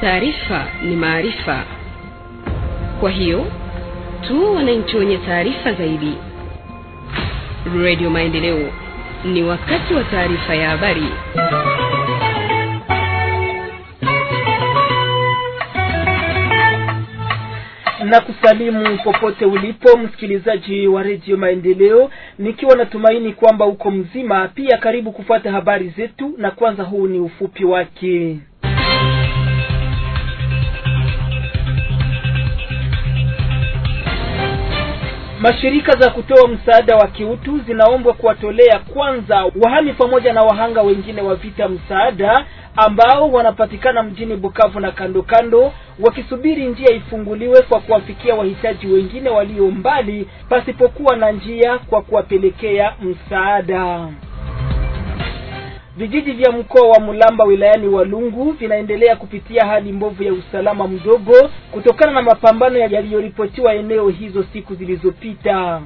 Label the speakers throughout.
Speaker 1: Taarifa ni maarifa, kwa hiyo tu wananchi wenye taarifa zaidi. Radio Maendeleo, ni wakati wa taarifa ya habari.
Speaker 2: na kusalimu popote ulipo msikilizaji wa redio Maendeleo, nikiwa natumaini kwamba uko mzima. Pia karibu kufuata habari zetu, na kwanza huu ni ufupi wake. Mashirika za kutoa msaada wa kiutu zinaombwa kuwatolea kwanza wahami pamoja na wahanga wengine wa vita msaada ambao wanapatikana mjini Bukavu na kando kando, wakisubiri njia ifunguliwe kwa kuwafikia wahitaji wengine walio mbali pasipokuwa na njia kwa kuwapelekea msaada. Vijiji vya mkoa wa Mulamba wilayani Walungu vinaendelea kupitia hali mbovu ya usalama mdogo kutokana na mapambano yaliyoripotiwa eneo hizo siku zilizopita.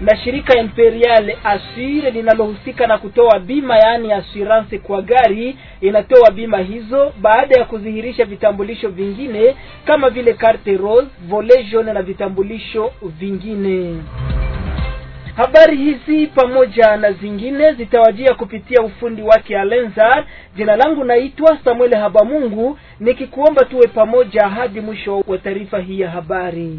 Speaker 2: Na shirika Imperial Assure linalohusika na kutoa bima yaani assurance kwa gari inatoa bima hizo baada ya kudhihirisha vitambulisho vingine kama vile carte rose, volet jaune na vitambulisho vingine. Habari hizi pamoja na zingine zitawajia kupitia ufundi wake Alenzar. Jina langu naitwa Samuel Habamungu, nikikuomba tuwe pamoja hadi mwisho wa taarifa hii ya habari.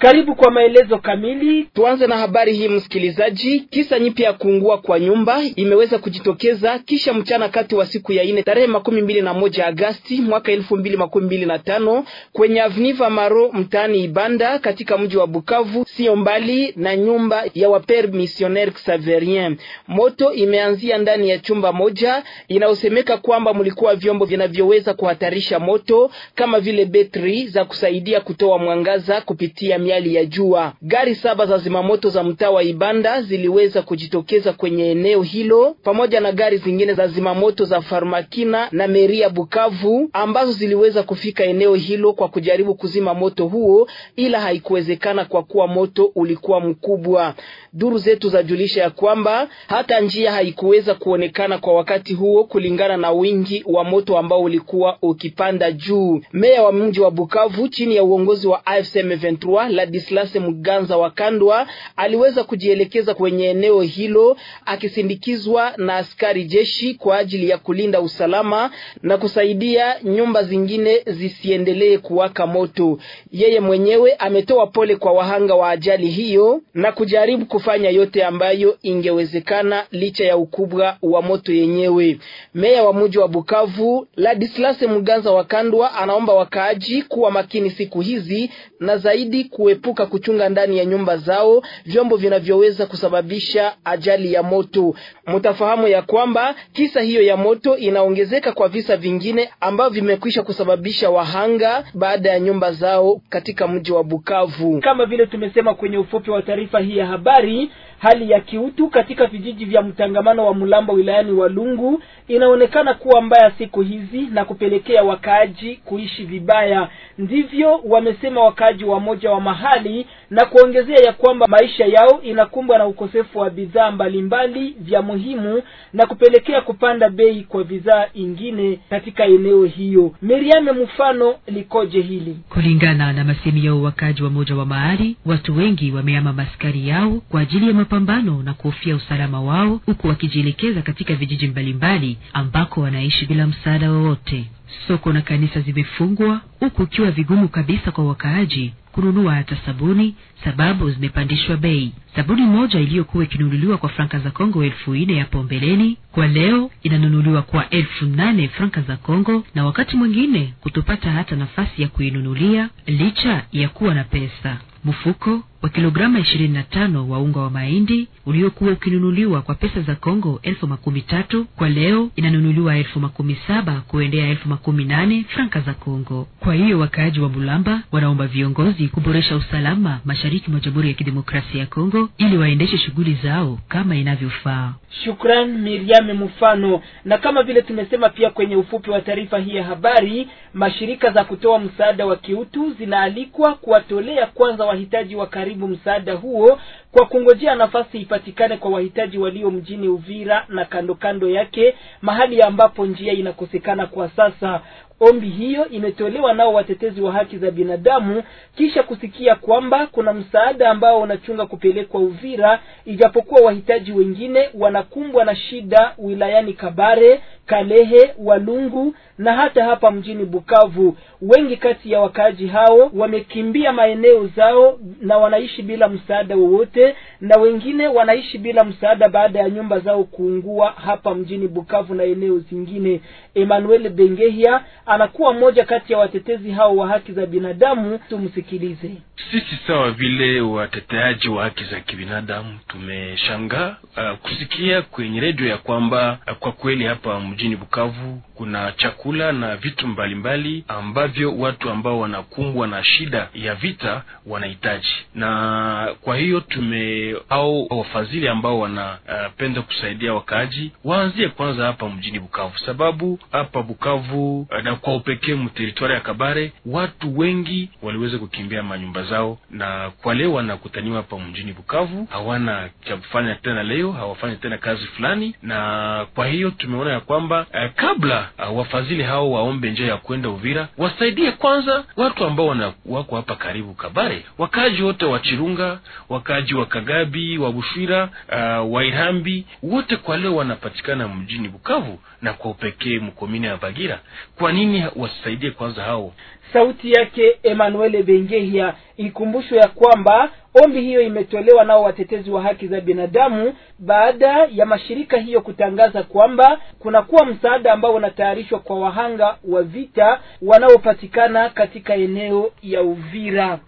Speaker 2: Karibu kwa maelezo kamili. Tuanze na habari hii msikilizaji. Kisa nyipya ya kuungua kwa nyumba imeweza kujitokeza kisha mchana kati wa siku ya ine tarehe makumi mbili na moja Agasti mwaka elfu mbili makumi mbili na tano kwenye avniva Maro mtaani Ibanda katika mji wa Bukavu, sio mbali na nyumba ya waper missionnaire Xaverien. Moto imeanzia ndani ya chumba moja inayosemeka kwamba mlikuwa vyombo vinavyoweza kuhatarisha moto kama vile betri za kusaidia kutoa mwangaza kupitia miali ya jua. Gari saba za zimamoto za mtaa wa Ibanda ziliweza kujitokeza kwenye eneo hilo pamoja na gari zingine za zimamoto za Farmakina na Meria Bukavu ambazo ziliweza kufika eneo hilo kwa kujaribu kuzima moto huo, ila haikuwezekana kwa kuwa moto ulikuwa mkubwa. Duru zetu zajulisha ya kwamba hata njia haikuweza kuonekana kwa wakati huo kulingana na wingi wa moto ambao ulikuwa ukipanda juu. Meya wa mji wa Bukavu chini ya uongozi wa AFC M23 Ladislas Mganza wa Kandwa aliweza kujielekeza kwenye eneo hilo akisindikizwa na askari jeshi kwa ajili ya kulinda usalama na kusaidia nyumba zingine zisiendelee kuwaka moto. Yeye mwenyewe ametoa pole kwa wahanga wa ajali hiyo na kujaribu kufanya yote ambayo ingewezekana licha ya ukubwa wa moto yenyewe. Meya wa mji wa Bukavu Ladislas Mganza wa Kandwa anaomba wakaaji kuwa makini siku hizi na zaidi ku kuepuka kuchunga ndani ya nyumba zao vyombo vinavyoweza kusababisha ajali ya moto. Mtafahamu ya kwamba kisa hiyo ya moto inaongezeka kwa visa vingine ambavyo vimekwisha kusababisha wahanga baada ya nyumba zao katika mji wa Bukavu. Kama vile tumesema kwenye ufupi wa taarifa hii ya habari Hali ya kiutu katika vijiji vya mtangamano wa Mulamba wilayani Walungu inaonekana kuwa mbaya siku hizi na kupelekea wakaaji kuishi vibaya. Ndivyo wamesema wakaaji wa moja wa mahali na kuongezea ya kwamba maisha yao inakumbwa na ukosefu wa bidhaa mbalimbali vya muhimu na kupelekea kupanda bei kwa bidhaa ingine katika eneo hiyo. Miriame, mfano likoje hili?
Speaker 1: Kulingana na masemi yao wakaaji wa moja wa mahali, watu wengi wameama maskari yao kwa ajili ya mapambano na kuhofia usalama wao, huku wakijielekeza katika vijiji mbalimbali ambako wanaishi bila msaada wowote. Soko na kanisa zimefungwa, huku ikiwa vigumu kabisa kwa wakaaji kununua hata sabuni, sababu zimepandishwa bei. Sabuni moja iliyokuwa ikinunuliwa kwa franka za Kongo elfu nne hapo mbeleni, kwa leo inanunuliwa kwa elfu nane franka za Kongo, na wakati mwingine kutopata hata nafasi ya kuinunulia licha ya kuwa na pesa. Mfuko wa kilograma 25 wa unga wa mahindi uliokuwa ukinunuliwa kwa pesa za Kongo elfu makumi tatu kwa leo inanunuliwa elfu makumi saba kuendea elfu makumi nane franka za Kongo. Kwa hiyo wakaaji wa Mulamba wanaomba viongozi kuboresha usalama mashariki mwa Jamhuri ya Kidemokrasia ya Kongo ili waendeshe shughuli zao kama inavyofaa.
Speaker 2: Shukran Miriam Mufano. Na kama vile tumesema pia kwenye ufupi wa taarifa hii ya habari, mashirika za kutoa msaada wa kiutu zinaalikwa kuwatolea kwanza wahitaji wa karibu kuharibu msaada huo kwa kungojea nafasi ipatikane kwa wahitaji walio mjini Uvira na kando kando yake, mahali ambapo njia inakosekana kwa sasa. Ombi hiyo imetolewa nao watetezi wa haki za binadamu kisha kusikia kwamba kuna msaada ambao unachunga kupelekwa Uvira, ijapokuwa wahitaji wengine wanakumbwa na shida wilayani Kabare Kalehe, Walungu na hata hapa mjini Bukavu. Wengi kati ya wakaaji hao wamekimbia maeneo zao na wanaishi bila msaada wowote, na wengine wanaishi bila msaada baada ya nyumba zao kuungua hapa mjini Bukavu na eneo zingine. Emmanuel Bengehia anakuwa mmoja kati ya watetezi hao wa haki za binadamu, tumsikilize. Sisi
Speaker 3: sawa vile wateteaji wa haki za kibinadamu tumeshangaa uh, kusikia kwenye redio ya kwamba uh, kwa kweli hapa mjini mjini Bukavu kuna chakula na vitu mbalimbali ambavyo watu ambao wanakumbwa na shida ya vita wanahitaji, na kwa hiyo tume au wafadhili ambao wanapenda uh, kusaidia wakaaji waanzie kwanza hapa mjini Bukavu, sababu hapa Bukavu uh, na kwa upekee mteritwari ya Kabare watu wengi waliweza kukimbia manyumba zao, na kwa leo wanakutaniwa hapa mjini Bukavu, hawana cha kufanya tena, leo hawafanyi tena kazi fulani, na kwa hiyo tumeona ya kwamba kwamba eh, kabla eh, wafadhili hao waombe njia ya kwenda Uvira, wasaidie kwanza watu ambao wana, wako hapa karibu Kabare, wakaaji wote wa Chirunga, wakaaji wa Kagabi, wa Bushwira, uh, wa Irambi, wote kwa leo wanapatikana mjini Bukavu na kwa upekee mkomini ya Bagira. Kwa nini wasaidie kwanza hao?
Speaker 2: sauti yake Emmanuel Bengehia. Ikumbushwe ya kwamba ombi hiyo imetolewa nao watetezi wa haki za binadamu baada ya mashirika hiyo kutangaza kwamba kunakuwa msaada ambao unatayarishwa kwa wahanga wa vita wanaopatikana katika eneo ya Uvira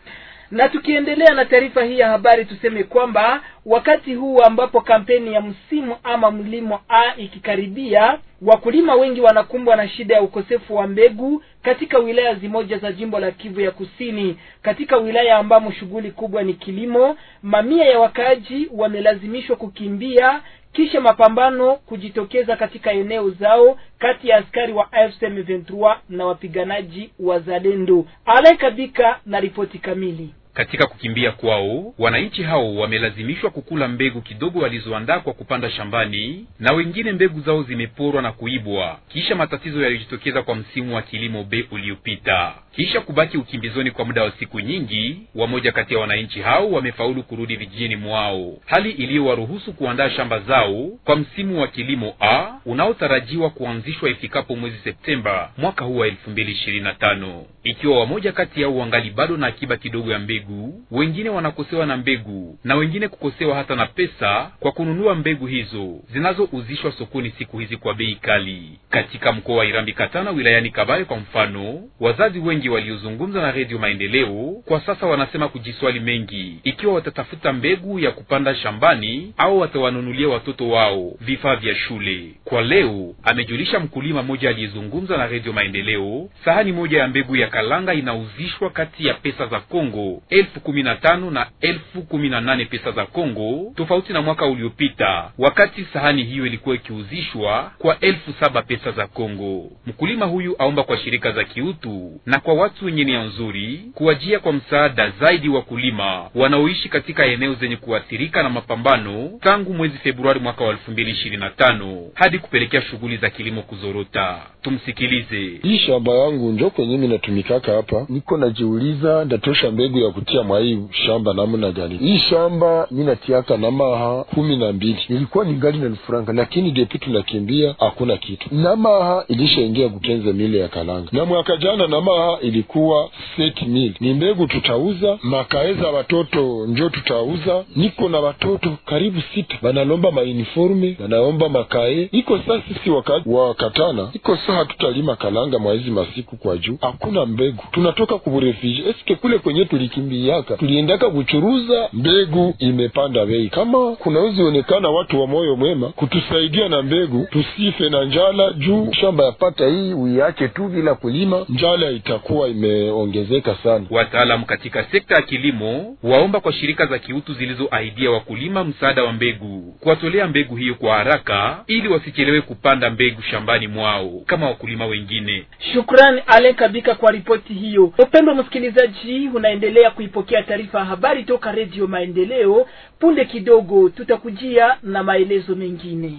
Speaker 2: na tukiendelea na taarifa hii ya habari, tuseme kwamba wakati huu ambapo kampeni ya msimu ama mlimo A ikikaribia, wakulima wengi wanakumbwa na shida ya ukosefu wa mbegu katika wilaya zimoja za jimbo la Kivu ya Kusini, katika wilaya ambamo shughuli kubwa ni kilimo. Mamia ya wakaaji wamelazimishwa kukimbia kisha mapambano kujitokeza katika eneo zao kati ya askari wa AFC 23 na wapiganaji wa Zalendo. Alaikabika na ripoti kamili.
Speaker 4: Katika kukimbia kwao, wananchi hao wamelazimishwa kukula mbegu kidogo walizoandaa kwa kupanda shambani, na wengine mbegu zao zimeporwa na kuibwa, kisha matatizo yaliyojitokeza kwa msimu wa kilimo be uliopita. Kisha kubaki ukimbizoni kwa muda wa siku nyingi, wamoja kati ya wananchi hao wamefaulu kurudi vijijini mwao, hali iliyowaruhusu kuandaa shamba zao kwa msimu wa kilimo A unaotarajiwa kuanzishwa ifikapo mwezi Septemba mwaka huu wa 2025 ikiwa wamoja kati yao wangali bado na akiba kidogo ya mbegu mbegu, wengine wanakosewa na mbegu, na wengine kukosewa hata na pesa kwa kununua mbegu hizo zinazouzishwa sokoni siku hizi kwa bei kali. Katika mkoa wa Irambi Katana wilayani Kabare kwa mfano, wazazi wengi waliozungumza na Redio Maendeleo kwa sasa wanasema kujiswali mengi ikiwa watatafuta mbegu ya kupanda shambani au watawanunulia watoto wao vifaa vya shule kwa leo. Amejulisha mkulima mmoja aliyezungumza na Redio Maendeleo, sahani moja ya mbegu ya kalanga inauzishwa kati ya pesa za Kongo elfu kumi na tano na elfu kumi na nane pesa za Kongo, tofauti na mwaka uliopita wakati sahani hiyo ilikuwa ikiuzishwa kwa elfu saba pesa za Kongo. Mkulima huyu aomba kwa shirika za kiutu na kwa watu wenye nia nzuri kuwajia kwa msaada zaidi wakulima wanaoishi katika eneo zenye kuathirika na mapambano tangu mwezi Februari mwaka wa elfu mbili ishirini na tano hadi kupelekea shughuli za kilimo kuzorota. Tumsikilize.
Speaker 5: Hii shamba yangu njo kwenye minatumikaka hapa, niko najiuliza ndatosha mbegu ya kutia mwa hii shamba namna gani? Hii shamba natiaka na maha kumi na mbili ilikuwa ni ngali na lufuranga, lakini depi tunakimbia hakuna kitu. na maha ilishaingia kutenze mile ya kalanga, na mwaka jana maha ilikuwa seti mili. Ni mbegu tutauza, makaeza watoto njo tutauza. Niko na watoto karibu sita banalomba mauniforme, banaomba makae. Iko saa sisi waka, wakatana iko saa hatutalima kalanga mwa hizi masiku kwa juu hakuna mbegu, tunatoka kuburefiji eske kule kwenye tulikimbia miaka tuliendaka kuchuruza mbegu imepanda bei. Kama kunawezi onekana watu wa moyo mwema kutusaidia na mbegu, tusife na njala juu shamba ya pata hii uiache tu bila kulima, njala itakuwa imeongezeka sana.
Speaker 4: Wataalamu katika sekta ya kilimo waomba kwa shirika za kiutu zilizoahidia wakulima msaada wa mbegu, kuwatolea mbegu hiyo kwa haraka ili wasichelewe kupanda mbegu shambani mwao kama wakulima wengine.
Speaker 2: Shukrani Alen Kabika kwa ripoti hiyo. Upendo msikilizaji, unaendelea ku kuipokea taarifa ya habari toka Redio Maendeleo. Punde kidogo tutakujia na maelezo mengine.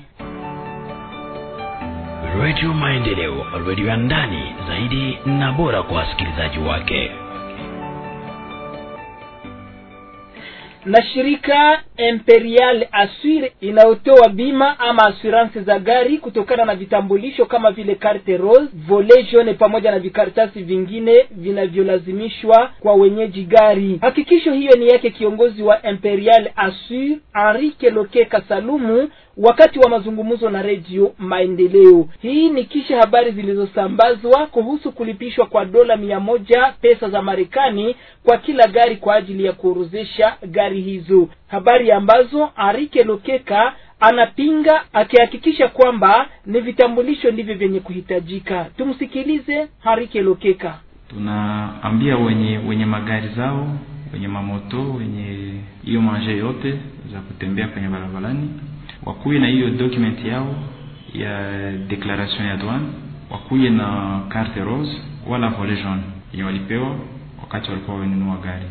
Speaker 2: Redio Maendeleo, redio ya ndani zaidi na bora kwa wasikilizaji wake. na shirika Imperial Assure inayotoa bima ama assurance za gari kutokana na vitambulisho kama vile carte rose, volet jaune pamoja na vikaratasi vingine vinavyolazimishwa kwa wenyeji gari. Hakikisho hiyo ni yake kiongozi wa Imperial Assure henrique Loke Kasalumu wakati wa mazungumzo na redio Maendeleo. Hii ni kisha habari zilizosambazwa kuhusu kulipishwa kwa dola mia moja pesa za Marekani kwa kila gari kwa ajili ya kuorozesha gari hizo, habari ambazo Arike Lokeka anapinga akihakikisha kwamba ni vitambulisho ndivyo vyenye kuhitajika. Tumsikilize Arike Lokeka.
Speaker 6: Tunaambia wenye wenye magari zao wenye mamoto wenye hiyo manje yote za kutembea kwenye barabarani wakuye na hiyo document yao ya declaration ya douane wakuye na carte rose wala volet jaune yenye walipewa wakati walikuwa wamenunua gari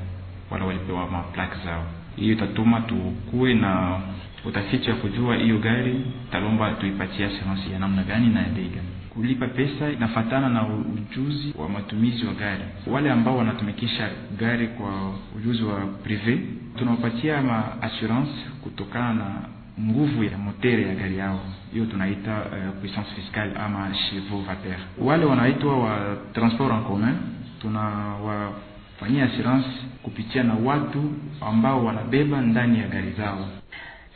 Speaker 6: wala walipewa maplak zao hiyo itatuma tukuwe na utafiti wa kujua hiyo gari talomba tuipatie assurance ya namna gani na ya kulipa pesa inafatana na ujuzi wa matumizi wa gari. Wale ambao wanatumikisha gari kwa ujuzi wa prive, tunawapatia ma assurance kutokana na nguvu ya motere ya gari yao, hiyo tunaita uh, puissance fiscale ama chevaux vapeur. Wale wanaitwa wa transport en commun tunawafanyia assurance kupitia na watu ambao wanabeba ndani ya gari zao.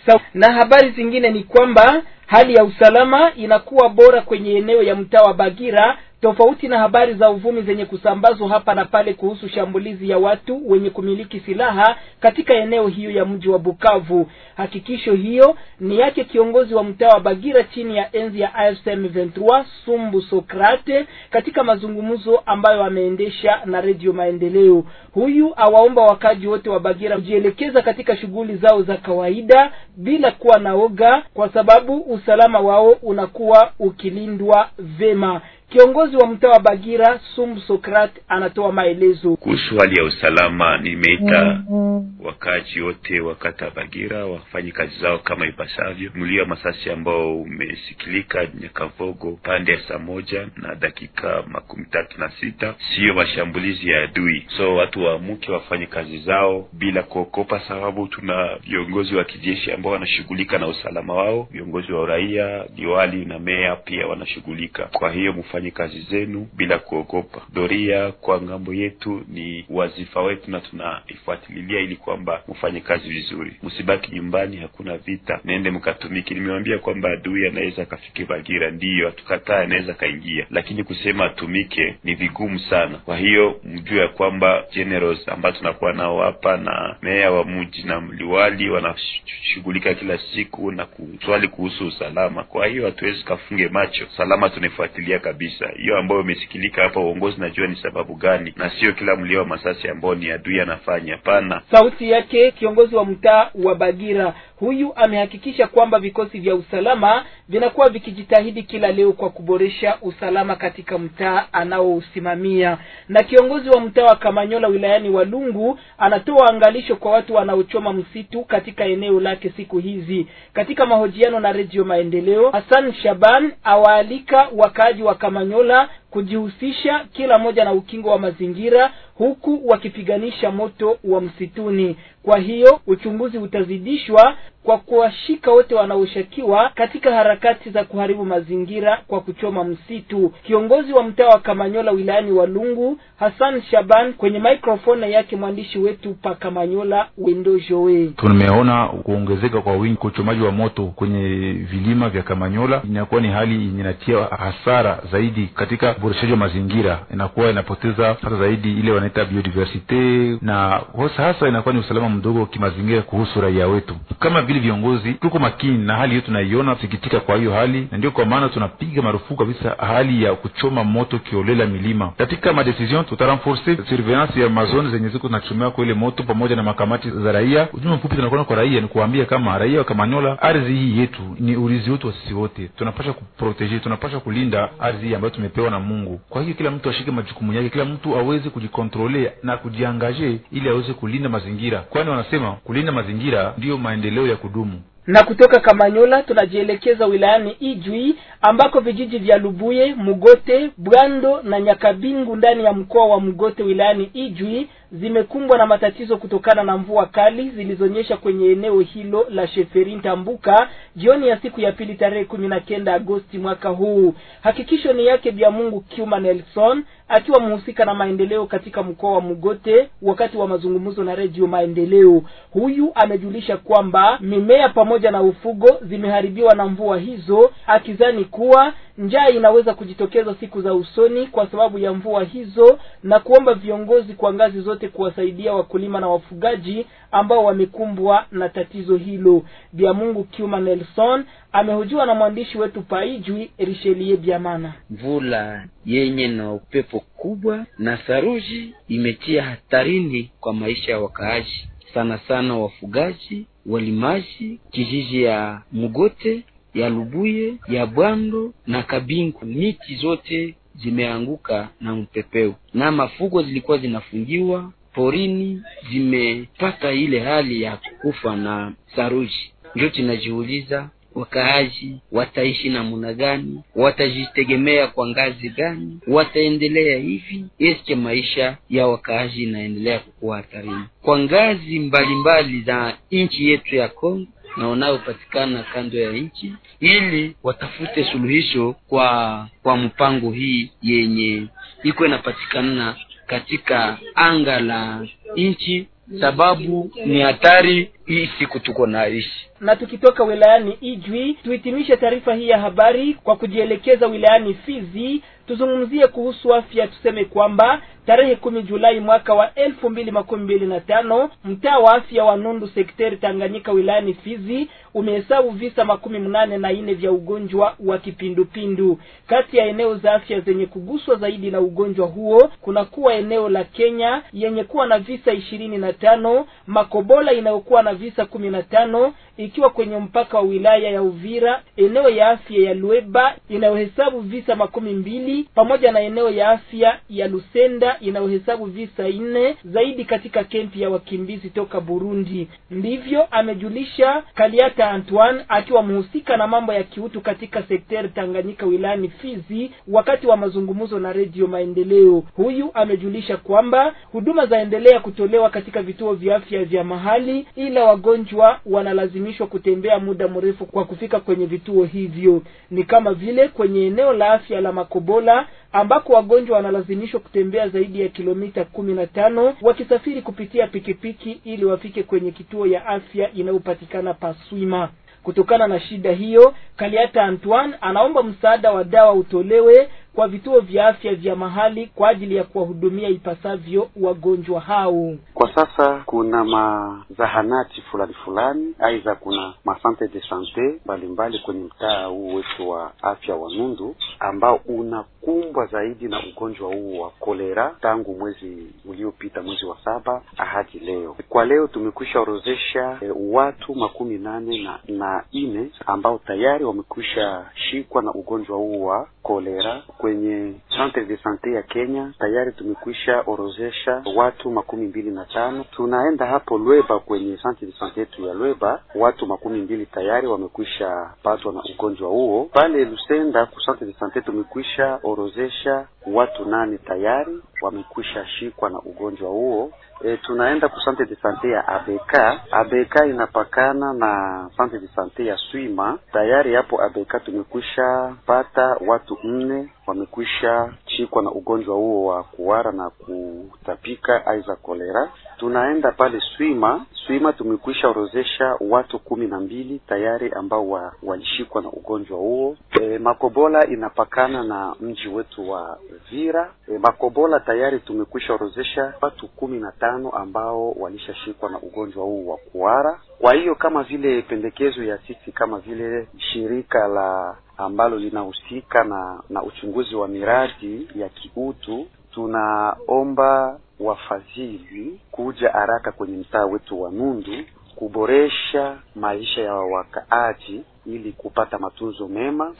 Speaker 2: So, na habari zingine ni kwamba hali ya usalama inakuwa bora kwenye eneo ya mtaa wa Bagira Tofauti na habari za uvumi zenye kusambazwa hapa na pale kuhusu shambulizi ya watu wenye kumiliki silaha katika eneo hiyo ya mji wa Bukavu. Hakikisho hiyo ni yake kiongozi wa mtaa wa Bagira chini ya enzi ya AFC M23 Sumbu Sokrate katika mazungumzo ambayo ameendesha na Radio Maendeleo. Huyu awaomba wakaji wote wa Bagira kujielekeza katika shughuli zao za kawaida bila kuwa naoga kwa sababu usalama wao unakuwa ukilindwa vema. Kiongozi wa mtaa wa Bagira Sum Sokrat anatoa maelezo
Speaker 7: kuhusu hali ya usalama. Nimeita
Speaker 2: mm-hmm.
Speaker 7: wakazi wote wa kata Bagira wafanye kazi zao kama ipasavyo. Mlio wa masasi ambao umesikilika Nyakavogo pande ya saa moja na dakika makumi tatu na sita siyo mashambulizi ya adui, so watu waamuke wafanye kazi zao bila kuokopa, sababu tuna viongozi wa kijeshi ambao wanashughulika na usalama wao, viongozi wa uraia, diwali na meya pia wanashughulika. Kwa hiyo mf mufanye kazi zenu bila kuogopa. Doria kwa ngambo yetu ni wazifa wetu, na tunaifuatililia ili kwamba mfanye kazi vizuri, msibaki nyumbani, hakuna vita, nende mkatumiki. Nimewambia kwamba adui anaweza akafike Bagira, ndiyo hatukataa, anaweza akaingia, lakini kusema atumike ni vigumu sana. Kwa hiyo mjue ya kwamba generals ambao tunakuwa nao hapa na meya wa mji na mliwali wanashughulika kila siku na kuswali kuhusu usalama. Kwa hiyo hatuwezi kafunge macho, salama tunaifuatilia kabisa kabisa. Hiyo ambayo imesikilika hapa, uongozi najua ni sababu gani, na sio kila mlio wa masasi ambao ni adui anafanya. Hapana,
Speaker 2: sauti yake kiongozi wa mtaa wa Bagira Huyu amehakikisha kwamba vikosi vya usalama vinakuwa vikijitahidi kila leo kwa kuboresha usalama katika mtaa anaousimamia. Na kiongozi wa mtaa wa Kamanyola wilayani Walungu anatoa angalisho kwa watu wanaochoma msitu katika eneo lake siku hizi. Katika mahojiano na Redio Maendeleo, Hassan Shaban awaalika wakaaji wa Kamanyola kujihusisha kila moja na ukingo wa mazingira huku wakipiganisha moto wa msituni. Kwa hiyo uchunguzi utazidishwa kwa kuwashika wote wanaoshakiwa katika harakati za kuharibu mazingira kwa kuchoma msitu. Kiongozi wa mtaa wa Kamanyola wilayani Walungu, Hassan Shaban, kwenye mikrofoni yake mwandishi wetu pa Kamanyola, Wendo Joe: tumeona
Speaker 6: kuongezeka kwa wingi kwa uchomaji wa moto kwenye vilima vya Kamanyola, inakuwa ni hali yenye inatia hasara zaidi katika uboreshaji wa mazingira, inakuwa inapoteza hata zaidi ile wanaita biodiversite, na hasa inakuwa ni usalama mdogo kimazingira kuhusu raia wetu kama vile vile viongozi tuko makini na hali hiyo tunaiona sikitika kwa hiyo hali na ndio kwa maana tunapiga marufuku kabisa hali ya kuchoma moto kiolela milima katika madecision tutarenforce surveillance ya mazone zenye ziko zinachomewa kwa ile moto pamoja na makamati za raia ujumbe mfupi tunakona kwa raia ni kuambia kama raia wa kamanyola ardhi hii yetu ni urizi wetu wa sisi wote tunapasha kuproteje tunapasha kulinda ardhi hii ambayo tumepewa na mungu kwa hiyo kila mtu ashike majukumu yake kila mtu aweze kujikontrole na kujiangaje ili aweze kulinda mazingira kwani wanasema kulinda mazingira ndiyo maendeleo ya kudumu.
Speaker 2: Na kutoka Kamanyola tunajielekeza wilayani Ijwi ambako vijiji vya Lubuye, Mugote, Bwando na Nyakabingu ndani ya mkoa wa Mugote wilayani Ijwi zimekumbwa na matatizo kutokana na mvua kali zilizonyesha kwenye eneo hilo la sheferin tambuka jioni ya siku ya pili tarehe kumi na kenda Agosti mwaka huu. Hakikisho ni yake bya Mungu Kiuma Nelson akiwa mhusika na maendeleo katika mkoa wa Mugote wakati wa mazungumzo na redio Maendeleo. Huyu amejulisha kwamba mimea pamoja na ufugo zimeharibiwa na mvua hizo, akizani kuwa njaa inaweza kujitokeza siku za usoni kwa sababu ya mvua hizo, na kuomba viongozi kwa ngazi zote kuwasaidia wakulima na wafugaji ambao wamekumbwa na tatizo hilo. mungu Kiuma Nelson amehojiwa na mwandishi wetu Paijwi Richelie Biamana.
Speaker 1: Mvula yenye na
Speaker 2: upepo kubwa na saruji imetia hatarini kwa maisha ya wakaaji, sana sana wafugaji, walimaji kijiji ya Mugote ya Lubuye ya Bwando na Kabingu. Miti zote zimeanguka na mpepeo na mafugo zilikuwa zinafungiwa porini zimepata ile hali ya kukufa na saruji. Ndio tunajiuliza wakaaji wataishi namna gani? Watajitegemea kwa ngazi gani? Wataendelea hivi? Eske maisha ya wakaaji inaendelea kukuwa hatarini kwa ngazi mbalimbali za nchi yetu ya Kongo na wanayopatikana kando ya nchi, ili watafute suluhisho kwa kwa mpango hii yenye iko inapatikana katika anga la nchi,
Speaker 5: sababu
Speaker 2: ni hatari
Speaker 7: hii siku tuko naishi.
Speaker 2: Na tukitoka wilayani Ijwi, tuhitimishe taarifa hii ya habari kwa kujielekeza wilayani Fizi. Tuzungumzie kuhusu afya. Tuseme kwamba tarehe kumi Julai mwaka wa elfu mbili makumi mbili na tano mtaa wa afya wa Nundu sekteri Tanganyika wilayani Fizi umehesabu visa makumi mnane na nne vya ugonjwa wa kipindupindu. Kati ya eneo za afya zenye kuguswa zaidi na ugonjwa huo kuna kuwa eneo la Kenya yenye kuwa na visa ishirini na tano, Makobola inayokuwa na visa kumi na tano ikiwa kwenye mpaka wa wilaya ya Uvira, eneo ya afya ya Lueba inayohesabu visa makumi mbili pamoja na eneo ya afya ya Lusenda inayohesabu visa nne zaidi katika kempi ya wakimbizi toka Burundi. Ndivyo amejulisha Kaliata Antoine akiwa mhusika na mambo ya kiutu katika sekteri Tanganyika wilayani Fizi wakati wa mazungumzo na Redio Maendeleo. Huyu amejulisha kwamba huduma zaendelea kutolewa katika vituo vya afya vya mahali ila wagonjwa wanalazimishwa kutembea muda mrefu kwa kufika kwenye vituo hivyo. Ni kama vile kwenye eneo la afya la Makobola ambako wagonjwa wanalazimishwa kutembea zaidi ya kilomita kumi na tano wakisafiri kupitia pikipiki ili wafike kwenye kituo ya afya inayopatikana Paswima. Kutokana na shida hiyo, Kaliata Antoine anaomba msaada wa dawa utolewe kwa vituo vya afya vya mahali kwa ajili ya kuwahudumia ipasavyo wagonjwa hao.
Speaker 8: Kwa sasa kuna mazahanati fulani fulani, aidha kuna masante de sante mbalimbali kwenye mtaa huu wetu wa afya wa Nundu ambao unakumbwa zaidi na ugonjwa huu wa kolera tangu mwezi uliopita, mwezi wa saba hadi leo. Kwa leo tumekwisha orozesha e, eh, watu makumi nane na, na ine ambao tayari wamekwisha shikwa na ugonjwa huu wa kolera kwenye centre de sante ya Kenya tayari tumekwisha orozesha watu makumi mbili na tano. Tunaenda hapo Lweba kwenye centre de sante yetu ya Lweba, watu makumi mbili tayari wamekwisha patwa na ugonjwa huo. Pale Lusenda ku centre de sante tumekwisha orozesha watu nane tayari wamekwisha shikwa na ugonjwa huo. E, tunaenda ku centre de sante ya ABK. abk inapakana na sante de sante ya Swima. Tayari hapo ABK tumekwisha pata watu nne wamekwisha chikwa na ugonjwa huo wa kuwara na kutapika aiza kolera. Tunaenda pale Swima Suima tumekwisha orozesha watu kumi na mbili tayari ambao wa, walishikwa na ugonjwa huo. E, Makobola inapakana na mji wetu wa Vira. E, Makobola tayari tumekwisha orozesha watu kumi na tano ambao walishashikwa na ugonjwa huo wa kuhara. Kwa hiyo kama vile pendekezo ya sisi kama vile shirika la ambalo linahusika na na uchunguzi wa miradi ya kiutu tunaomba wafadhili kuja haraka kwenye mtaa wetu wa Nundu kuboresha maisha ya wakaaji ili kupata matunzo mema.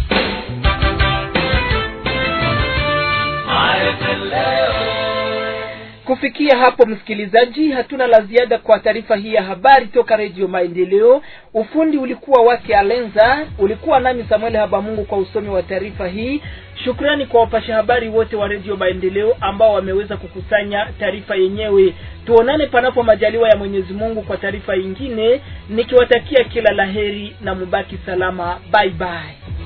Speaker 2: Kufikia hapo, msikilizaji, hatuna la ziada kwa taarifa hii ya habari toka Redio Maendeleo. Ufundi ulikuwa wake Alenza, ulikuwa nami Samuel Habamungu kwa usomi wa taarifa hii. Shukrani kwa wapasha habari wote wa Redio Maendeleo ambao wameweza kukusanya taarifa yenyewe. Tuonane panapo majaliwa ya Mwenyezi Mungu kwa taarifa yingine nikiwatakia kila laheri na mubaki salama. Bye bye.